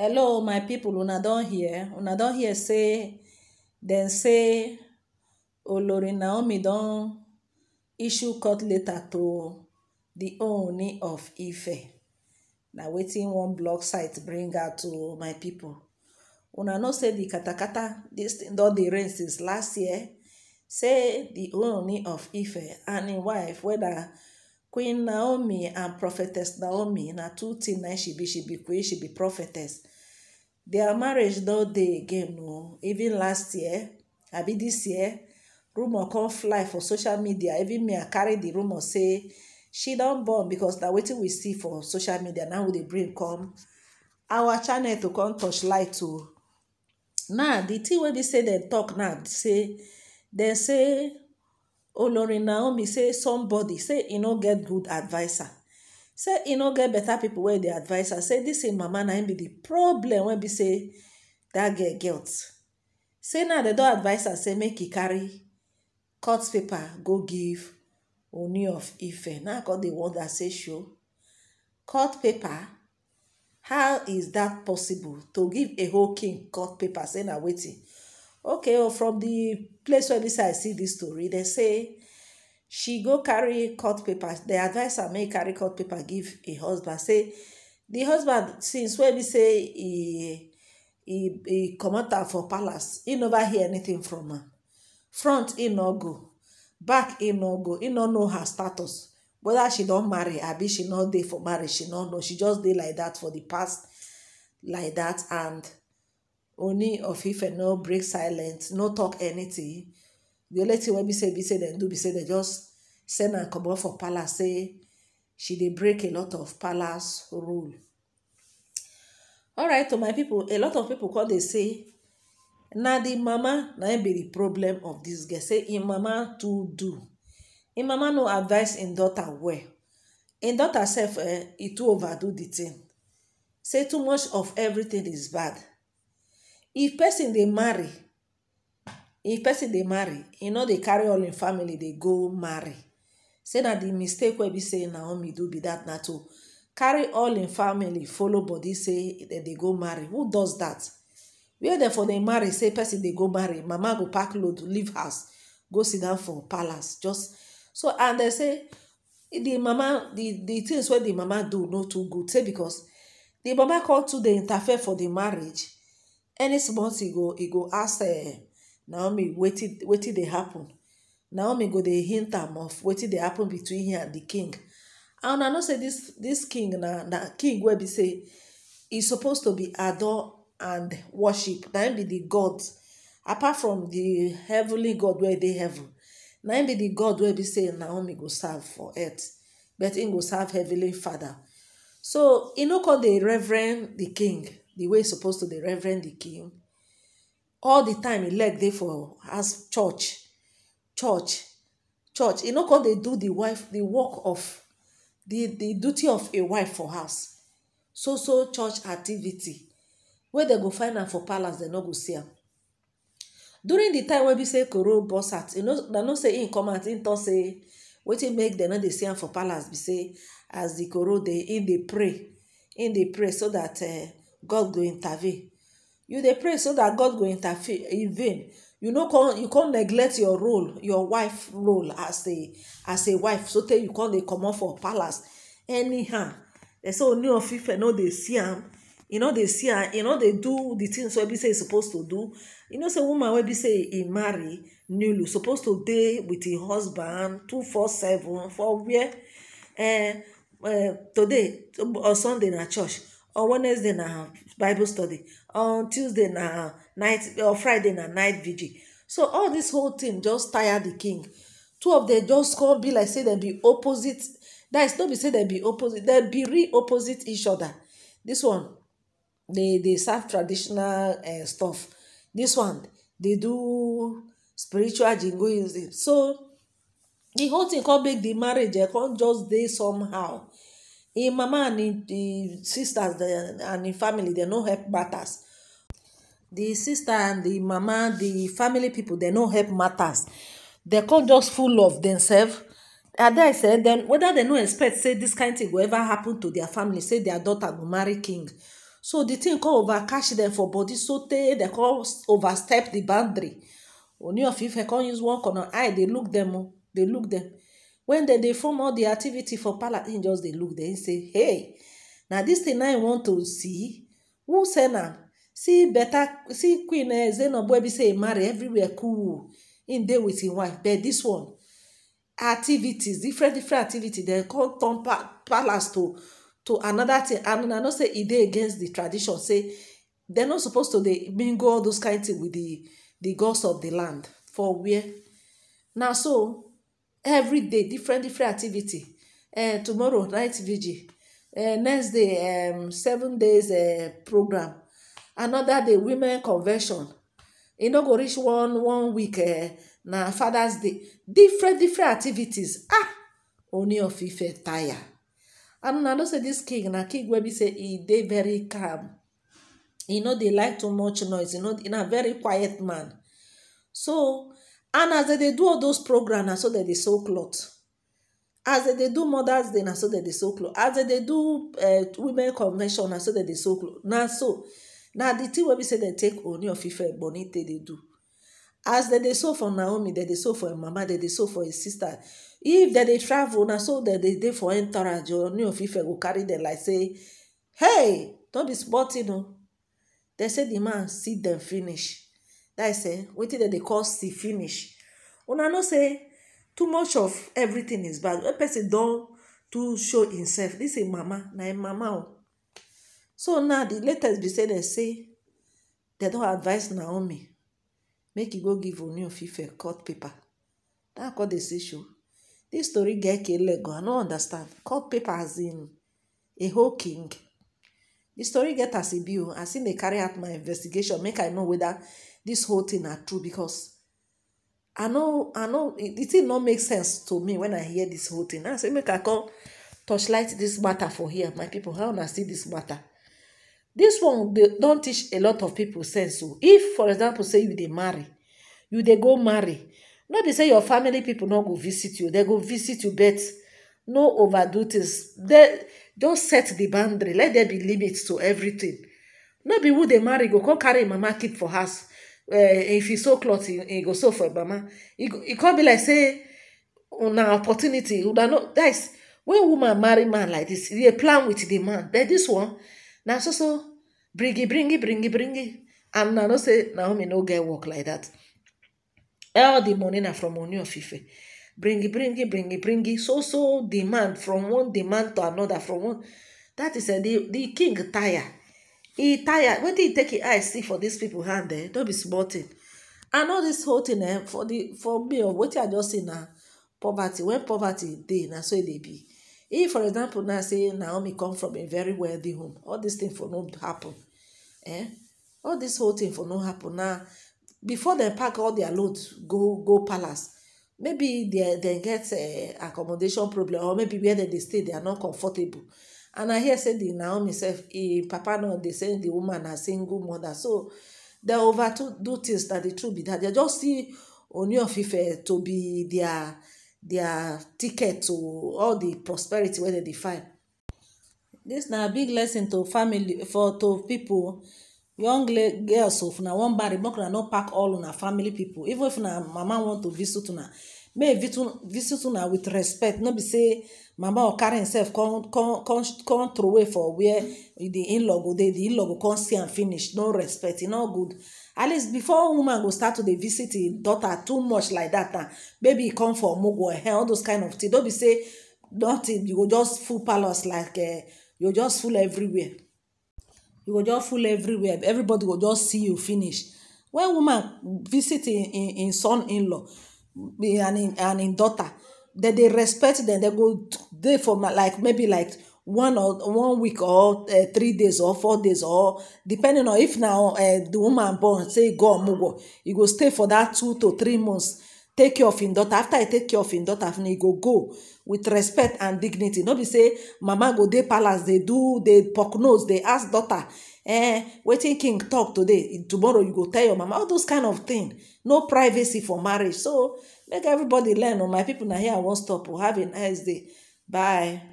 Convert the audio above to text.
hello my people una don hear una don hear say dem say olori naomi don issue court letter to di Ooni of ife na wetin one blog site bring out to my people una know say di katakata dis thing don dey rain since last year say di Ooni of ife and im wife whether queen naomi and prophetess naomi na two things na she be she be queen she be prophetess their marriage no dey again o even last year abi this year rumor come fly for social media even me i carry the rumor say she don born because na wetin we see for social media now we dey bring come our channel to come touch light o oh. now the thing wey be say dem talk now say dem say olori naomi say somebody say e no get good adviser say e no get better people wey e dey advise her say dis im mama na im be the problem wey be say dat girl guilt say now dem don advise her say make e carry court paper go give oni of ife now i come dey wonder say sure court paper how is dat possible to give a whole king court paper say na wetin okay oh, from the place where this i see this story they say she go carry court paper the adviser make carry court paper give a husband say the husband since wey be say he he he comot am for palace he never hear anything from her. front he no go back he no go He no know her status whether she don't marry abi she not dey for marriage she no know she just dey like that for the past like that and Oni of and no break silent, no talk anything. The only thing what be say, be say they do, be say they just send and come out for palace, say she dey break a lot of palace rule. All right, to my people, a lot of people call they say, na the mama na be the problem of this girl. Say in mama to do. in mama no advice in daughter where, in daughter self eh, it e too overdo the thing. Say too much of everything is bad if person dey marry if person dey marry e no dey carry all im family dey go marry say na the mistake wey be say naomi do be that na to carry all im family follow body say dem dey go marry who does dat where dem for dey marry say person dey go marry mama go pack load leave house go sit down for palace just so and dem say the mama the the things wey the mama do no too good say because the mama come too dey interfere for the marriage any small thing go e go ask eh, naomi wetin wetin dey happen naomi go dey hint am of wetin dey happen between him and the king and una know say this, this king na na king wey be say e suppose to be adore and worship na im be the god apart from the heavenly god wey dey heaven na im be the god wey be say naomi go serve for earth but im go serve heavenly father so he no come dey reverend the king the way supposed to the reverend the king all the time he leg dey for as church church church e no come They do the wife the work of the the duty of a wife for house so so church activity where they go find am for palace they no go see am during the time wey we say koro burst out you know they no say in come in im say, say wetin make they no dey see am for palace be say as the koro they in dey pray in dey pray so that uh, God go intervene. You dey pray so that God go intervene. You no come you come neglect your role, your wife role as a as a wife. So tell you come dey comot for palace anyhow. They say Ooni of Ife no dey see am. You e know they see am. You e know they do the things wey be say e suppose to do. You know say woman wey be say e marry newly Supposed to dey with her husband two four seven for where. Eh, eh, uh, uh, today or Sunday in a church On wednesday na bible study on tuesday na night or friday na night vigil so all this whole thing just tire the king two of them just come be like say dem be opposite that is no be say dem be opposite dem be real opposite each other This one they they serve traditional uh stuff This one they do spiritual jingoism so the whole thing come make the marriage eh come just dey somehow him mama and him the sisters the, and him family dem no help matters the sister and the mama the family people dem no help matters dem come just full of themselves And I say then whether they no expect say this kind thing go ever happen to their family say their daughter go marry king so the thing come over catch dem for body so tey they come overstep the boundary Ooni of Ife come use one corner eye dey look them. o oh, dey look them. When they they form all the activity for palace he just they look dem say hey now this thing I want to see who send am see better. see queen ezenobu eh, wey be say marry everywhere cool In there with his wife but this one activities different different activity. They come turn palace to to another thing and i know say e against the tradition say dem not supposed to they mingle all those kinds thing with the gods of the land for where now so every day different different activity uh, tomorrow night vigil uh, eh, next day um, seven days uh, program another day women convention e no go reach one one week uh, na fathers day different different activities ah Ooni of Ife tire and una know say this king na king wey be say e dey very calm e no dey like too much noise e no na very quiet man so and as they dey do all those program na so dem dey sew cloth as they dey do mothers day na so dem dey sew cloth as they dey do eh, women convention na so dem dey sew cloth na so na the thing wey be say they take oni of ife ebonyi take dey do as they dey sew for naomi they dey sew for im mama they dey sew for im sister if they dey travel na so dem dey dey for entourage oni of ife go carry dem like say hey no be small tin o oh. dem say di man see them finish that is eh wetin that dey call see finish una know say too much of everything is bad A person don't too show himself this is mama na im mama o oh. so now the latest be say they say they don't advise naomi make you e go give only a ife court paper that court decision. this story get kele i no understand court paper as in a whole king the story get as e be o as e carry out my investigation make i know whether this whole thing are true because I know I know the thing no make sense to me when I hear this whole thing. I say make I come torchlight this matter for here, my people. How una see this matter? This one dey don teach a lot of people sense o. Oh. If for example say you dey marry, you dey go marry, no be say your family people no go visit you, they go visit you but no overdo things. They just set the boundary, let there be limits to everything. No be who dey marry go come carry mama keep for house. Eh, if you sew cloth you go sew for mama e come be like say on an opportunity una no guys when woman marry man like this, e plan with the man but this one now so so bringy bringy bringy bringy and na no say naomi no get work like that. all di money na from oni of ife bringy bringy bringy bringy so so demand from one demand to another from one that is a eh, the the king tire e tire wetin he take his eye see for these people? hand eh Don't be small tin and all dis whole thing eh for the for me of wetin i just say na poverty When poverty they na so they e be if for example now say naomi come from a very wealthy home all dis thing for no happen eh all dis whole thing for no happen Now before they pack all their loads, go go palace maybe they they get eh, accommodation problem or maybe where they stay they are not comfortable and i hear say di naomi sef im e, papa no dey send di woman her single mother so dem do tins na di truth be dat dem just see oni ofife to be dia dia ticket to all di prosperity wey dem dey find. dis na big lesson to family for to pipo young girls o for na one body makora no pack all una family pipo even if na mama want to visit una. may visit una with respect Don't be say mama or carry himself come come come come throw away for where the in-law go the in-law go come see and finish no respect e no good at least before woman go start to the visit the daughter too much like that. time ah, maybe come for mugu or all those kind of thing Don't be say nothing you go just full palace like uh, you just full everywhere you go just full everywhere everybody will just see you finish when woman visit in son in-law and in and in daughter that they respect them they go there for like maybe like one or one week or uh, three days or four days or depending on if now uh, the woman born say go omugo you go stay for that two to three months take care of him daughter after i take care of him daughter he go go with respect and dignity Nobody say mama go day palace They do they poke nose They ask daughter eh we're king talk today tomorrow you go tell your mama all those kind of thing no privacy for marriage so make everybody learn On oh, my people na here i won't stop o oh, have a nice day bye